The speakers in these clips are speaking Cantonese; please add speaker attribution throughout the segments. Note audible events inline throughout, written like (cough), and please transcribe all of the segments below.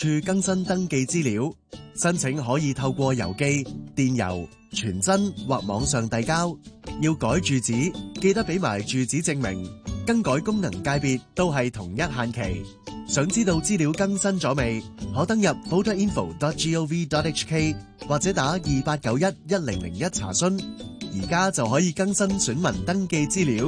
Speaker 1: 處更新登記資料，申請可以透過郵寄、電郵、傳真或網上遞交。要改住址，記得俾埋住址證明。更改功能界別都係同一限期。想知道資料更新咗未？可登入 voter info dot gov dot hk 或者打二八九一一零零一查詢。而家就可以更新選民登記資料。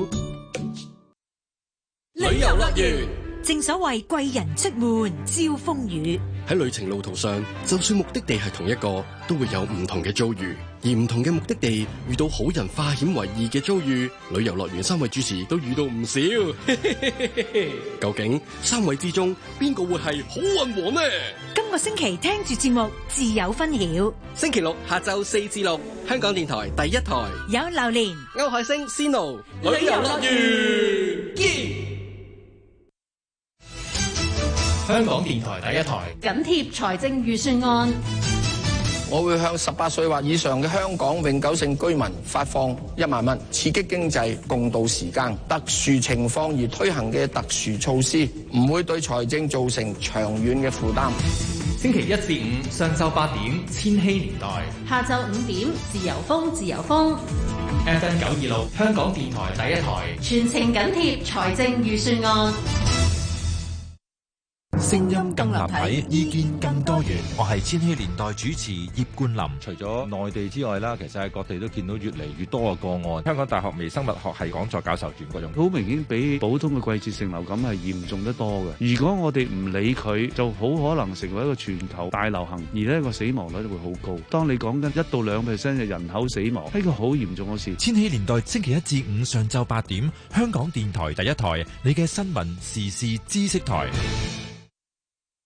Speaker 1: 旅遊樂園。正所謂貴人出門招風雨，
Speaker 2: 喺旅程路途上，就算目的地係同一個，都會有唔同嘅遭遇，而唔同嘅目的地遇到好人化險為夷嘅遭遇，旅遊樂園三位主持都遇到唔少。 (laughs) 究竟，三位之中邊個會係好運和呢？今個星期聽住節目自有分曉。星期六下晝四至六，香港電台第一台有榴蓮歐海星、仙奴旅遊樂園
Speaker 1: 香港電台第一台緊貼財政預算案，我會向十八歲或以上嘅香港永久性居民發放一萬蚊，刺激經濟，共度時間。特殊情況而推行嘅特殊措施，唔會對財政造成長遠嘅負擔。星期一至五上晝八點，千禧年代；
Speaker 2: 下晝五點，自由
Speaker 1: 風。自由風，FM 九二六，26，香港電台第一台，全程緊貼財政預算案。聲音更立體，
Speaker 2: 意見更多元。我係千禧年代主持葉冠霖。除咗內地之外啦，其實喺各地都見到越嚟越多嘅個案。香港大學微生物學系講座教授講嗰種好明顯，比普通嘅季節性流感係嚴重得多嘅。如果我哋唔理佢，就好可能成為一個全球大流行，而呢個死亡率都會好高。當你講緊一到兩 percent 嘅人口死亡，係個好嚴重嘅事。千禧年代星期一至五上晝八點，香港電台第一台，你嘅新聞時事知識台。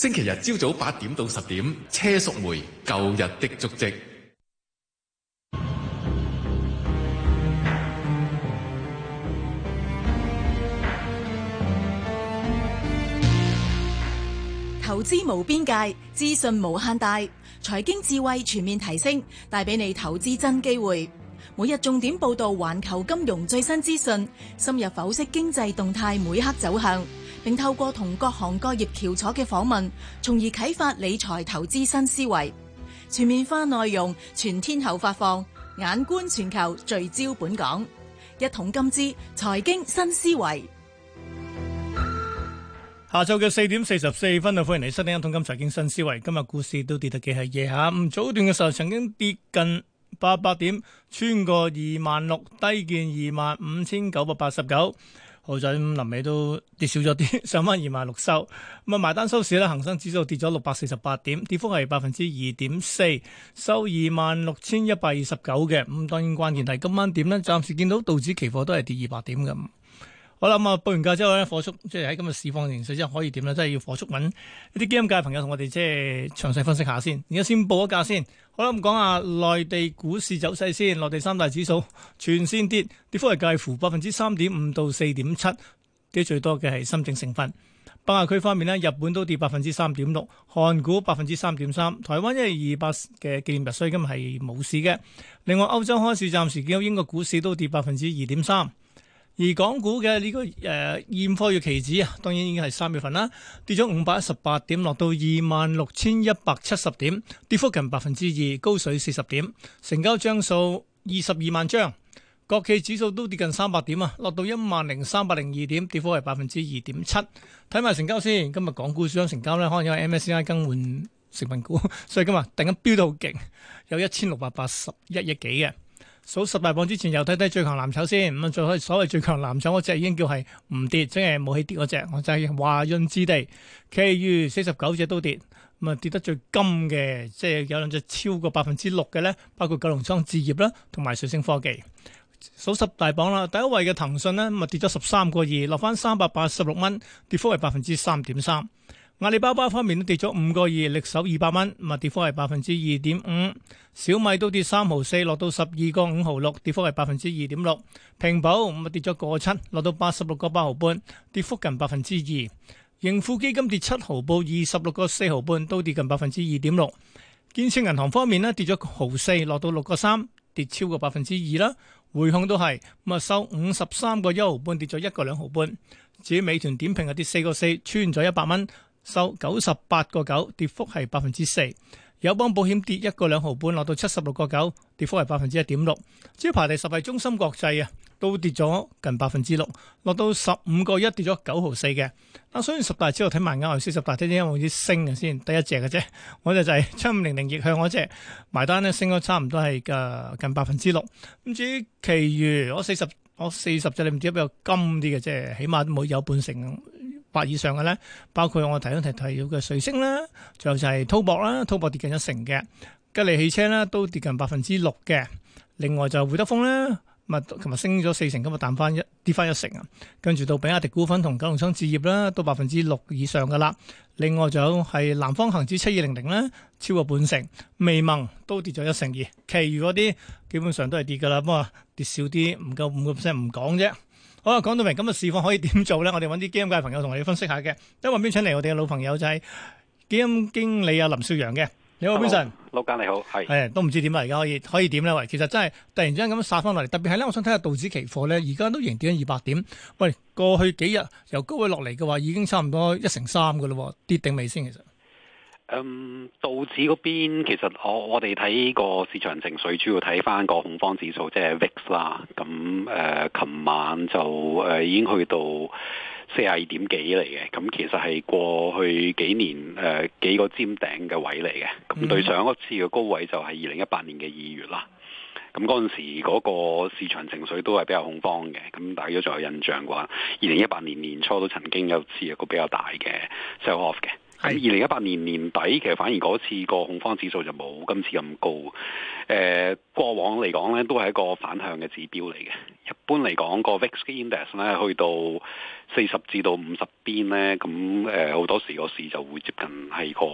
Speaker 2: 星期日朝早八點到十點，車淑梅舊日的足跡。投資無邊界，資訊無限大，財經智慧全面提升，帶俾你投資真機會。每日重點報道環球金融最新資訊，深入剖析經濟動態每刻走向。並透過同各行各業翹楚嘅訪問，從而啟發理財投資新思維。全面化內容，全天候發放，眼觀全球，聚焦本港，一桶金之財經新思維。
Speaker 1: 下晝嘅四點四十四分，歡迎嚟《收聽一桶金之財經新思維》。今日股市都跌得幾係夜，下午早段嘅時候曾經跌近八百點，穿過二萬六，低見二萬五千九百八十九。好在臨尾都跌少咗啲，上返二萬六收。咁啊埋單收市咧，恆生指數跌咗六百四十八點，跌幅係百分之二點四，收二萬六千一百二十九嘅。咁當然關鍵係今晚點咧，暫時見到道指期貨都係跌二百點嘅。好啦，咁啊報完價之後咧，火速即係喺今日市況形勢之下可以點咧，真係要火速揾一啲基金界嘅朋友同我哋即係詳細分析下先。而家先報咗價先，好啦，咁講下內地股市走勢先。內地三大指數全綫跌，跌幅係介乎百分之三點五到四點七，跌最多嘅係深證成分。北亞區方面咧，日本都跌百分之三點六，韓股百分之三點三，台灣因為二百嘅紀念日，所以今日係冇市嘅。另外歐洲開市暫時見到，英國股市都跌百分之二點三。而港股嘅呢個誒現貨嘅期指啊，當然已經係三月份啦，跌咗五百一十八點，落到二萬六千一百七十點，跌幅近百分之二，高水四十點，成交張數二十二萬張。國企指數都跌近三百點啊，落到一萬零三百零二點，跌幅係百分之二點七。睇埋成交先，今日港股主板成交咧，可能因為 MSCI 更換成分股，所以今日突然間飆到好勁，有一千六百八十一億幾嘅。數十大榜之前，又睇睇最強藍籌先。咁啊，最所所謂最強藍籌嗰隻，已經叫係唔跌，即係冇起跌嗰隻。我就係華潤置地，其餘四十九隻都跌。咁啊，跌得最金嘅，即係有兩隻超過百分之六嘅咧，包括九龍倉置業啦，同埋瑞聲科技。數十大榜啦，第一位嘅騰訊咧，咁啊跌咗十三個二，落翻三百八十六蚊，跌幅為百分之三點三。阿里巴巴方面都跌咗五個二，力守二百蚊，啊跌幅係百分之二點五。小米都跌三毫四，落到十二個五毫六，跌幅係百分之二點六。平保咁啊跌咗個七，落到八十六個八毫半，跌幅近百分之二。盈富基金跌七毫，報二十六個四毫半，都跌近百分之二點六。建設銀行方面呢，跌咗毫四，落到六個三，跌超過百分之二啦。匯控都係咁啊，收五十三個一毫半，跌咗一個兩毫半。至於美團點評啊，跌四個四，穿咗一百蚊。收九十八個九，跌幅係百分之四。友邦保險跌一個兩毫半，落到七十六個九，跌幅係百分之一點六。至於排第十係中心國際啊，都跌咗近百分之六，落到十五個一，跌咗九毫四嘅。嗱，雖然十大之後睇埋，我四十大睇啲有啲升嘅先，第一隻嘅啫。我就就係七五零零逆向嗰隻埋單咧，升咗差唔多係嘅近百分之六。咁至於其餘我四十我四十隻你唔知比較金啲嘅啫，起碼冇有半成。八以上嘅咧，包括我提一提提到嘅瑞星啦，仲有就係滔博啦，滔博跌近一成嘅，吉利汽車啦都跌近百分之六嘅。另外就會德豐啦，咁啊琴日升咗四成，今日彈翻一跌翻一成啊，跟住到比亞迪股份同九龍倉置業啦，都百分之六以上噶啦，另外仲有係南方恒指七二零零啦，超過半成，微盟都跌咗一成二，其餘嗰啲基本上都係跌噶啦，不過跌少啲唔夠五個 percent 唔講啫。好啊，講到明咁啊，市況可以點做咧？我哋揾啲基金界嘅朋友同我哋分析下嘅。因為，邊請嚟我哋嘅老朋友就係基金經理啊林少陽嘅。你好，Vincent
Speaker 2: Hello,，陸間你好，
Speaker 1: 係、哎，係都唔知點啊。而家可以可以點咧？喂，其實真係突然之間咁殺翻落嚟，特別係咧，我想睇下道指期貨咧，而家都跌咗二百點。喂，過去幾日由高位落嚟嘅話，已經差唔多一成三噶啦，跌定未先其實。
Speaker 2: 嗯，道指嗰邊其實我我哋睇個市場情緒主要睇翻個恐慌指數，即係 VIX 啦。咁誒琴晚就誒、呃、已經去到四廿二點幾嚟嘅。咁、嗯、其實係過去幾年誒、呃、幾個尖頂嘅位嚟嘅。咁、嗯、對上一次嘅高位就係二零一八年嘅二月啦。咁嗰陣時嗰個市場情緒都係比較恐慌嘅。咁、嗯、大家都仲有印象嘅話，二零一八年年初都曾經有一次一個比較大嘅 sell off 嘅。喺二零一八年年底，其實反而嗰次個恐慌指數就冇今次咁高。誒、呃，過往嚟講咧，都係一個反向嘅指標嚟嘅。一般嚟講，個 VIX Index 咧去到四十至到五十邊咧，咁誒好多時個市就會接近係個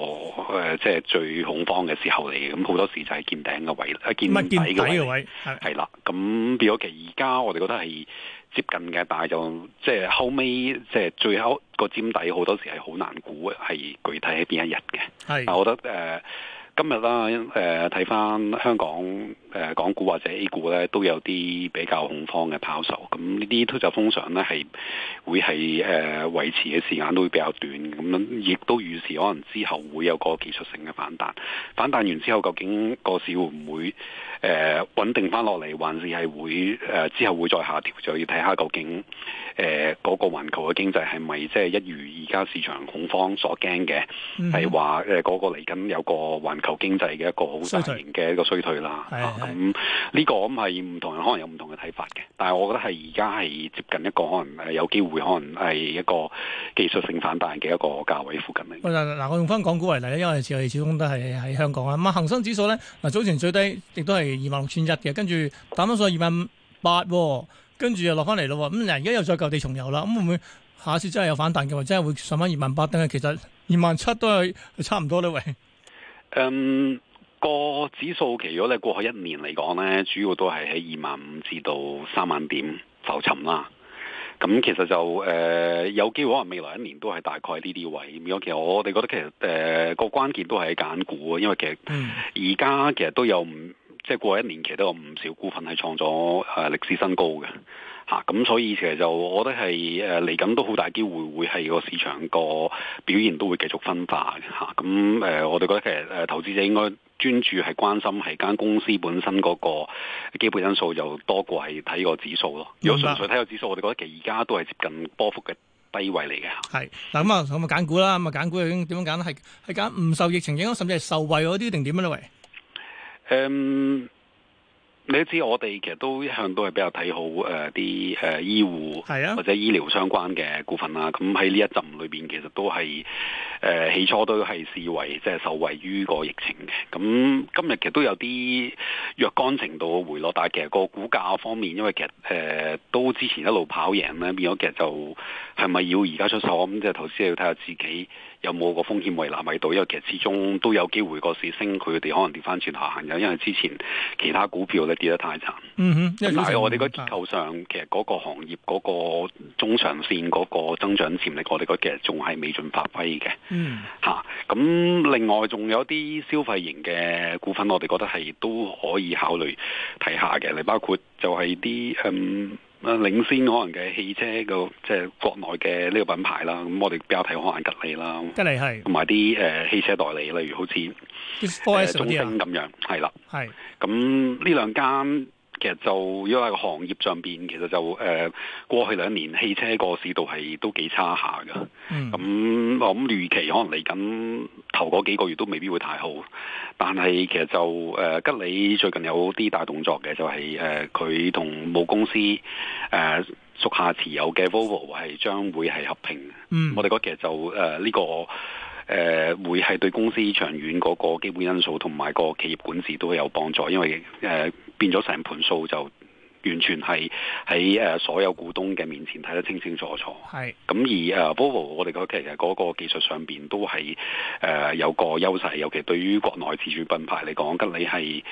Speaker 2: 誒即係最恐慌嘅時候嚟嘅。咁好多時就係見頂嘅位，一見底嘅位。係啦，咁變咗其而家我哋覺得係。接近嘅，但係就即係後尾，即係最後個尖底，好多時係好難估，係具體喺邊一日嘅。係是，但係我覺得誒。呃今日啦，誒睇翻香港誒、呃、港股或者 A 股咧，都有啲比較恐慌嘅拋售。咁呢啲通常咧，係會係誒、呃、維持嘅時間都會比較短。咁樣亦都預示可能之後會有個技術性嘅反彈。反彈完之後，究竟個市會唔會誒、呃、穩定翻落嚟，還是係會誒、呃、之後會再下調？就要睇下究竟誒嗰、呃那個環球嘅經濟係咪即係一如而家市場恐慌所驚嘅，係話誒嗰個嚟緊有個環求經濟嘅一個好大型嘅一個衰退啦，咁呢、 (noise) (noise) 嗯、 (noise) 個咁係唔同人可能有唔同嘅睇法嘅，但係我覺得係而家係接近一個可能係有機會，可能係一個技術性反彈嘅一個價位附近
Speaker 1: 嚟。嗱，我用翻港股為例，因為我哋始終都係喺香港啊，咁恆生指數咧，嗱，早前最低亦都係二萬六千一嘅，跟住打翻上二萬八，跟住又落翻嚟咯，咁嗱而家又再舊地重遊啦，咁會唔會下一次真係有反彈嘅話，真係會上翻二萬八？定係其實二萬七都係差唔多咧？喂！
Speaker 2: 嗯，um, 個指數其實咧過去一年嚟講咧，主要都係喺二萬五至到三萬點浮沉啦。咁、嗯、其實就誒、呃、有機會可能未來一年都係大概呢啲位。如果其實我哋覺得其實誒、呃、個關鍵都係揀股，因為其實而家其實都有唔即係過去一年其實都有唔少股份係創咗誒、啊、歷史新高嘅。吓咁、啊、所以其實就、啊啊呃，我覺得係誒嚟緊都好大機會，會係個市場個表現都會繼續分化嘅吓。咁誒，我哋覺得其實誒投資者應該專注係關心係間公司本身嗰個基本因素，就多過係睇個指數咯。如果純、嗯、粹睇個指數，我哋覺得其實而家都係接近波幅嘅低位嚟嘅。係，
Speaker 1: 嗱咁啊，咁啊揀股啦，咁啊揀股點樣揀咧？係係揀唔受疫情影響，甚至係受惠嗰啲，定點樣咧？誒、
Speaker 2: 嗯。你都知我哋其實都一向都係比較睇好誒，啲、呃、誒、呃、醫護或者醫療相關嘅股份啦、啊。咁喺呢一陣裏邊，其實都係誒、呃、起初都係視為即係、就是、受惠於個疫情嘅。咁、嗯、今日其實都有啲若干程度嘅回落，但係其實個股價方面，因為其實誒、呃、都之前一路跑贏咧，變咗其實就係咪要而家出手咁？即係頭先要睇下自己。有冇個風險維納喺度？因為其實始終都有機會個市升，佢哋可能跌翻轉下行。有因為之前其他股票咧跌得太慘。嗯哼，但係我哋個結構上，嗯、哼其實嗰個行業嗰個中長線嗰個增長潛力，我哋覺得其實仲係未盡發揮嘅。嗯。嚇、啊，咁另外仲有啲消費型嘅股份，我哋覺得係都可以考慮睇下嘅。你包括就係啲嗯。啊！領先可能嘅汽車嘅即係國內嘅呢個品牌啦，咁我哋比較睇可能吉利啦，吉利係同埋啲誒汽車代理，例如好似中興咁樣，係、啊、啦，係咁呢兩間。嗯。其實就因為個行業上邊，其實就誒、呃、過去兩年汽車個市道係都幾差下噶。咁我諗預期可能嚟緊頭嗰幾個月都未必會太好。但係其實就誒、呃、吉利最近有啲大動作嘅，就係誒佢同母公司誒、呃、屬下持有嘅 Volvo 係將會係合併。嗯、我哋覺得其實就誒呢、呃這個誒、呃、會係對公司長遠嗰個基本因素同埋個企業管治都有幫助，因為誒。呃呃變咗成盤數就完全係喺誒所有股東嘅面前睇得清清楚楚。
Speaker 1: 係咁是而
Speaker 2: 誒 Volvo 我哋覺得其實嗰個技術上面都係誒、呃、有個優勢，尤其對於國內自主品牌嚟講，吉利係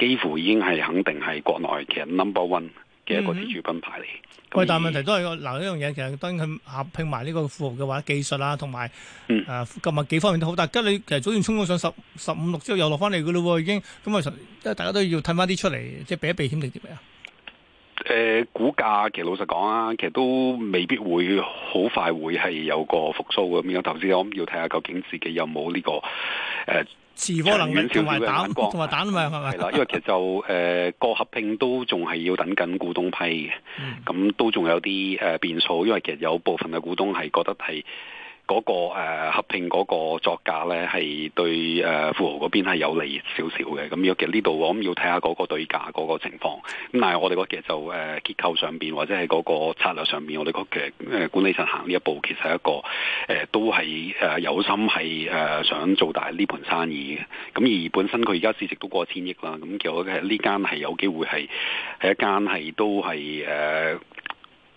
Speaker 2: 幾乎已經係肯定係國內嘅 number one。嗯、一個自主品牌
Speaker 1: 嚟，嗯、但係問題都係，嗱呢樣嘢，嗯、其實當然佢合拼埋呢個富豪嘅話，技術啊，同埋誒，購物幾方面都好，但家你其實早段衝咗上十十五六之後又落翻嚟嘅咯喎，已經咁啊，即係大家都要褪翻啲出嚟，即係俾一避險定啲咩啊？
Speaker 2: 誒、呃，股價其實老實講啊，其實都未必會好快會係有個復甦咁樣。頭先我諗要睇下究竟自己有冇呢、呢個誒。呃持貨能力同埋蛋同埋蛋
Speaker 1: 啊嘛，係咪？係啦，因
Speaker 2: 為其實就誒個、呃、合併都仲係要等緊股東批嘅，咁 (laughs) 都仲有啲誒變數，因為其實有部分嘅股東係覺得係。嗰個合併嗰個作價咧，係對誒富豪嗰邊係有利少少嘅。咁、嗯、若其實呢度，我諗要睇下嗰個對價嗰、嗰個情況。咁但係我哋覺得其實就誒、呃、結構上邊或者係嗰個策略上邊，我哋覺得管理層行呢一步其實係一個誒、呃、都係誒、呃、有心係誒、呃、想做大呢盤生意嘅。咁、嗯、而本身佢而家市值都過千億啦，咁叫我覺得呢間係有機會係係一間係都係誒。呃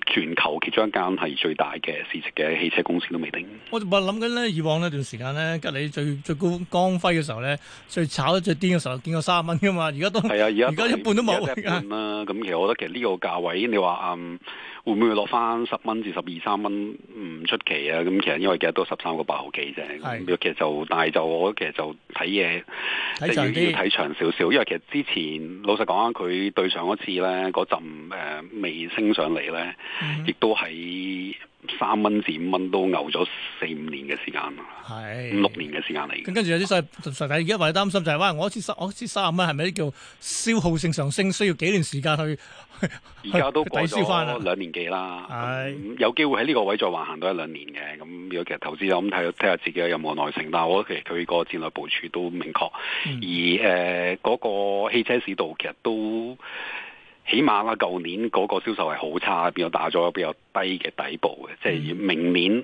Speaker 2: 全球其中一間係最大嘅市值嘅汽車公司都未定。
Speaker 1: 我我諗緊咧，以往呢段時間咧，吉利最最高光輝嘅時候咧，最炒得最癲嘅時候，見過三十蚊噶嘛。而家都係啊，而家而家一半都冇啊。一
Speaker 2: 半啦。咁 (laughs) 其實我覺得其實呢個價位，你話嗯。會唔會落翻十蚊至十二三蚊唔出奇啊！咁其實因為其實都十三個八毫幾啫，是其實就，但係就我覺得其實就睇嘢，即係要要睇長少少，因為其實之前老實講啊，佢對上一次咧嗰陣、呃、未升上嚟咧，亦、嗯、都喺。三蚊至五蚊都牛咗四五年嘅時間啦，係是五六年嘅時間嚟嘅。咁
Speaker 1: 跟住有啲細實體而家為你擔心就係話，我支我支三十蚊，係咪叫消耗性上升？需要幾年時間去？
Speaker 2: 而 (laughs) 家都抵消翻啦，兩年幾啦。咁是、嗯、有機會喺呢個位再橫行多一兩年嘅。咁如果其實投資又咁睇，睇下自己有冇耐性。但係我覺得其實佢個戰略部署都明確，嗯、而誒嗰、呃那個汽車市道其實都。起碼啦，舊年嗰個銷售係好差，比較打咗比較低嘅底部嘅，即係明年。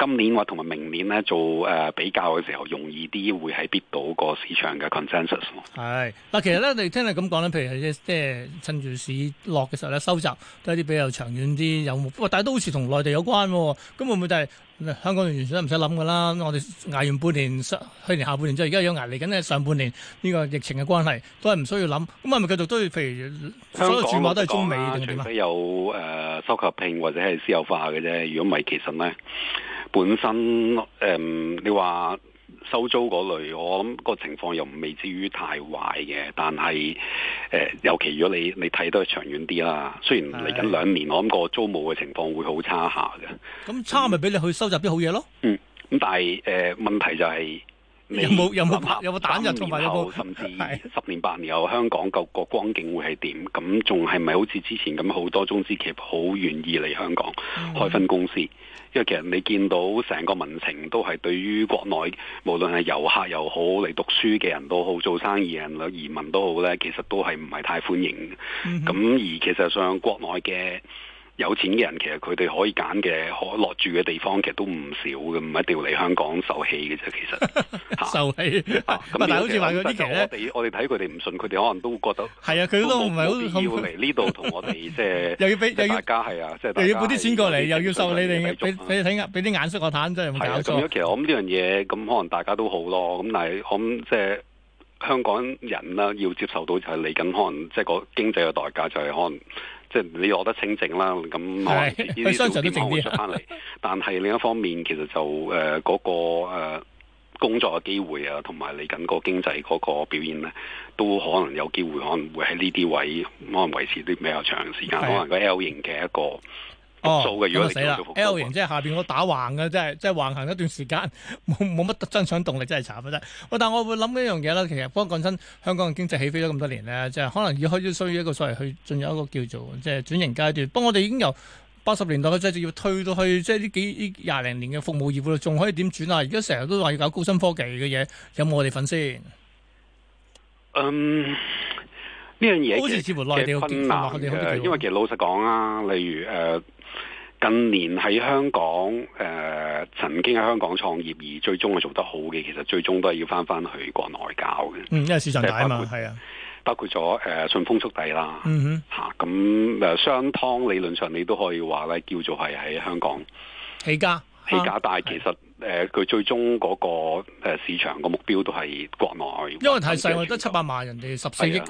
Speaker 2: 今年我同埋明年咧做誒比較嘅時，時候，容易啲會喺必到個市場嘅 consensus。
Speaker 1: 係嗱，其實咧你聽你咁講咧，譬如即係趁住市落嘅時候咧收集，都係啲比較長遠啲有目。但係都好似同內地有關、啊，咁會唔會就係、是、香港完全都唔使諗㗎啦？我哋捱完半年，去年下半年之後，而家又捱嚟緊呢上半年呢個疫情嘅關係，都係唔需要諗。咁係咪繼續都要，譬如所有全部都係中美，定港，除
Speaker 2: 非有誒收購拼或者係私有化嘅啫。如果唔係，其實咧。本身誒、嗯，你話收租嗰類，我諗個情況又未至於太壞嘅，但係誒、呃，尤其如果你你睇得長遠啲啦，雖然嚟緊兩年，我諗個租務嘅情況會好差下嘅。
Speaker 1: 咁差咪俾你去收集啲好嘢咯。嗯，
Speaker 2: 咁、嗯、但係誒、呃、問題就係、是。有冇有冇拍有冇彈藥，同埋有冇甚至十年八年後香港個個光景會係點？咁仲係咪好似之前咁好多中資企業好願意嚟香港開分公司？Mm hmm. 因為其實你見到成個民情都係對於國內無論係遊客又好，嚟讀書嘅人都好，做生意人、移民都好呢，其實都係唔係太歡迎。咁、mm hmm. 而其實上國內嘅。有錢嘅人其實佢哋可以揀嘅，可落住嘅地方其實都唔少嘅，唔一定要嚟香港受氣嘅啫。其實，其實，其實 (laughs) 受氣
Speaker 1: 咁，啊、但係好似話佢啲人咧，我
Speaker 2: 哋我哋睇佢哋唔信，佢哋可能都會覺得係啊，佢都唔係好必要嚟呢度同我哋即係又要俾大家係啊，即係又要啲錢
Speaker 1: 過嚟，又要受你哋俾俾啲眼俾啲眼色我睇，真係咁搞咁樣、啊、其
Speaker 2: 實我諗呢樣嘢，咁可能大家都好咯。咁但係我諗即係香港人啦，要接受到就係嚟緊可能即係個經濟嘅代價就係可能。即係你攞得清靜啦，咁啲數據可能自己 (laughs) 會出翻嚟。 (laughs) 但係另一方面，其實就誒嗰、呃嗰個、呃、工作嘅機會啊，同埋嚟緊個經濟嗰個表現咧，都可能有機會可能會喺呢啲位可能維持啲比較長時間， (laughs) 可能個 L 型嘅一個。哦，就死啦
Speaker 1: ！L 型即係下邊我打橫嘅，即係即係橫行一段時間，冇冇乜增長動力，真係慘啊真！我但係我會諗一樣嘢啦，其實不過講真，香港嘅經濟起飛咗咁多年咧，即係可能要開始需要一個所謂去進入一個叫做即係轉型階段。不過我哋已經由八十年代嘅即係要推到去即係呢幾廿零年嘅服務業仲可以點轉啊？而家成日都話要搞高新科技嘅嘢，有冇我哋份先？嗯，
Speaker 2: 呢樣嘢好似似乎內地嘅困、嗯、難嘅的，因為其實老實講啊，例如誒。呃近年喺香港，誒、呃、曾經喺香港創業而最終係做得好嘅，其實最終都係要翻翻去國內搞嘅。嗯，因為市場大啊嘛，係括啊，包括咗誒、呃、順豐速遞啦，嚇咁誒商湯理論上你都可以話咧，叫做係喺香港起家，起家。但係其實誒佢、啊呃、最終嗰個市場個目標都係國內。因為太細，我
Speaker 1: 得七百萬人，人哋十四億。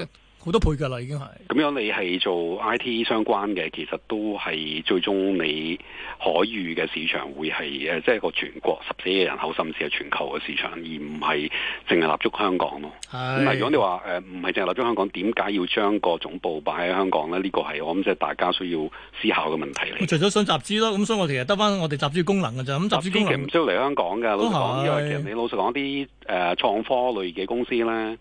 Speaker 1: 好多倍㗎喇，已經係
Speaker 2: 咁樣。你係做 IT 相關嘅，其實都係最終你海域嘅市場會係誒，即係個全國十四億人口，甚至係全球嘅市場，而唔係淨係立足香港咯。
Speaker 1: 咁是如果你
Speaker 2: 話誒唔係淨係立足香港，點解要將個總部擺喺香港咧？呢個係我諗即係大家需要思考嘅問題嚟。
Speaker 1: 我除咗想集資咯，咁所以我其實得返我哋集資功能嘅啫。咁集資功能其實唔
Speaker 2: 需要嚟香港嘅。老實講，因為是其實你老實講啲誒創科類嘅公司咧。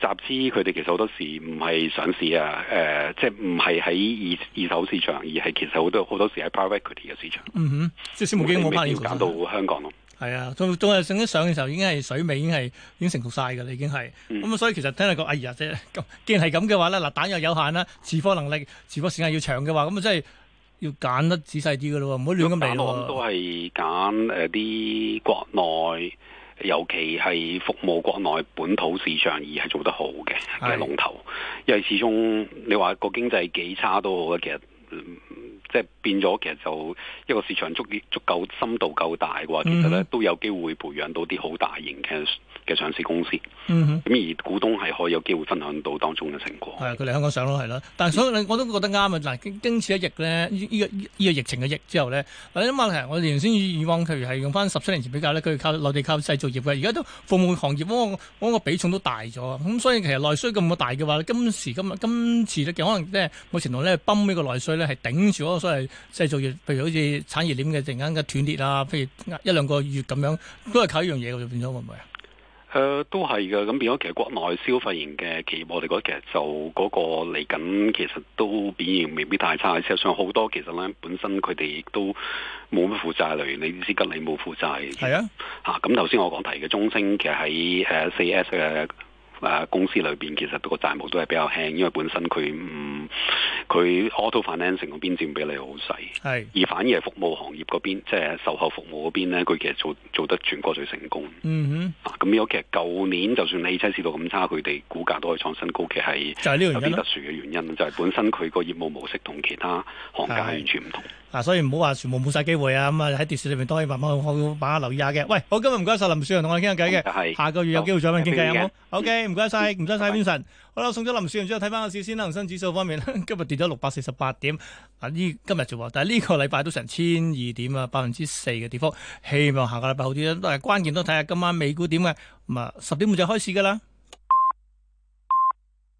Speaker 2: 集資佢哋其實好多時唔係上市啊，誒、呃，即係唔係喺二二手市場，而係其實好多好多時喺 private equity 嘅市場。
Speaker 1: 嗯哼，
Speaker 2: 即係私募基金冇拍現要揀到香港
Speaker 1: 咯。係啊、嗯，仲仲係整啲上嘅時候已經係水尾，已經係已經成熟晒㗎啦，已經係。咁、嗯嗯、所以其實聽你講，哎呀，即係既然係咁嘅話咧，嗱蛋又有限啦，持貨能力、持貨時間要長嘅話，咁啊真係要揀得仔細啲㗎咯，唔好亂咁嚟喎。咁
Speaker 2: 都係揀誒啲國內尤其係服務國內本土市場而係做得好嘅，即係龍頭，是的 因為始終你話個經濟幾差都好嘅，其實即係變咗，其實就一個市場足夠深度夠大嘅話，其實呢都有機會培養到啲好大型嘅。嘅上市公司，咁而股東係可以有機會分享到當中嘅成
Speaker 1: 果。係啊、嗯哼，佢嚟香港上咯，係咯。但係所以我都覺得啱啊。嗱，經此一役咧，呢個依個疫情嘅疫之後咧，嗱啲問題，我哋原先以往，譬如係用翻十七年前比較咧，佢靠內地靠製造業嘅，而家都服務行業嗰個比重都大咗。咁所以其實內需咁大嘅話，今時今日今次咧，可能即係某程度咧，泵呢個內需咧係頂住嗰個所謂製造業，譬如好似產業鏈嘅突然間嘅斷裂啊，譬如一,一兩個月咁樣，都係靠一樣嘢嘅變咗會唔會
Speaker 2: 誒、呃、都係嘅，咁、嗯、變咗其實國內消費型嘅企業，我哋覺得其實就嗰個嚟緊，其實都表現未必太差。事實上好多其實咧，本身佢哋亦都冇乜負債，例如你啲資金你冇負債，係啊嚇。咁頭先我講提嘅中升，其實喺誒四 S 嘅。誒、啊、公司裏邊其實個債務都係比較輕，因為本身佢唔佢 auto financing 嗰邊佔比例好細，係是而反而服務行業嗰邊，即係售後服務嗰邊咧，佢其實做做得全國最成功。嗯哼，啊咁有其實舊年就算汽車市道咁差，佢哋股價都可以創新高，其實係有啲特殊嘅原因，就係、是、本身佢個業務模式同其他行家完全唔同。
Speaker 1: 是啊，所以唔好話全部冇晒機會啊！咁啊喺跌市裏面都可以慢慢去把握留意下嘅。喂，好，今日唔該晒林少陽同我傾下偈嘅。嗯就是、下個月有機會再搵人傾偈，好好？OK，唔該晒，唔該晒，Vincent。好啦，送咗林少陽之後，睇翻個市先啦。恒生指數方面，今日跌咗六百四十八點。啊，呢今日就話，但係呢個禮拜都成千二點啊，百分之四嘅跌幅。希望下個禮拜好啲都係關鍵，都睇下今晚美股點嘅。咁啊，十點半就開市噶啦。